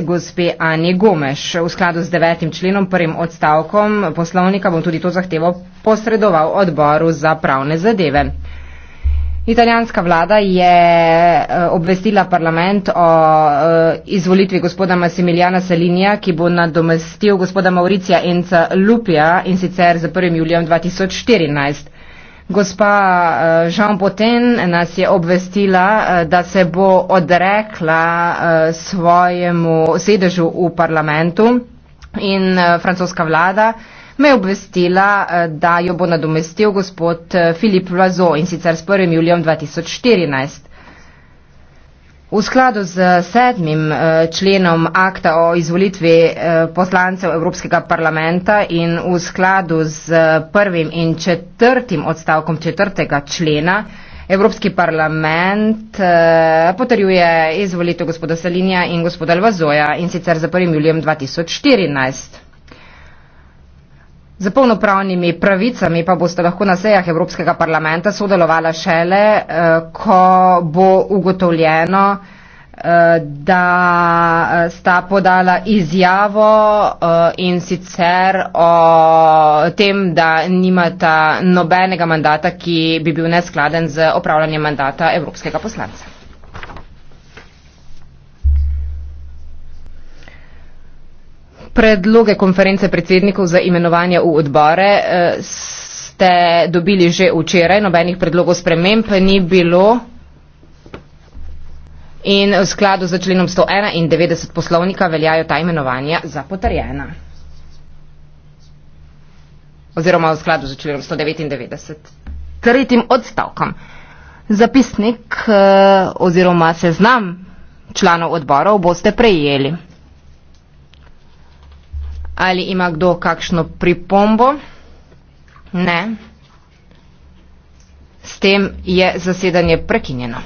gospe Ani Gomeš. V skladu z devetim členom prvim odstavkom poslovnika bom tudi to zahtevo posredoval odboru za pravne zadeve. Italijanska vlada je e, obvestila parlament o e, izvolitvi gospoda Massimiliana Salinija, ki bo nadomestil gospoda Mauricija Enca Lupija in sicer za 1. julijem 2014. Gospa eh, Jean Botin nas je obvestila, eh, da se bo odrekla eh, svojemu sedežu v parlamentu in francoska vlada me je obvestila, da jo bo nadomestil gospod Filip Loazo in sicer s 1. julijem 2014. V skladu z sedmim eh, členom akta o izvolitvi eh, poslancev Evropskega parlamenta in v skladu z eh, prvim in četrtim odstavkom četrtega člena Evropski parlament potrjuje izvolitev gospoda Salinja in gospoda Lvazoja in sicer za 1. julijem 2014. Z polnopravnimi pravicami pa boste lahko na sejah Evropskega parlamenta sodelovala šele, eh, ko bo ugotovljeno, eh, da eh, sta podala izjavo in sicer o tem, da nimata nobenega mandata, ki bi bil neskladen z opravljanjem mandata Evropskega poslanca. predloge konference predsednikov za imenovanje v odbore eh, ste dobili že včeraj, nobenih predlogov sprememb ni bilo. In v skladu z členom 191 poslovnika veljajo ta imenovanja za potrjena. Oziroma v skladu z členom 199. Tretjim odstavkom. Zapisnik eh, oziroma seznam članov odborov boste prejeli. Ali ima kdo kakšno pripombo? Ne. S tem je zasedanje prekinjeno.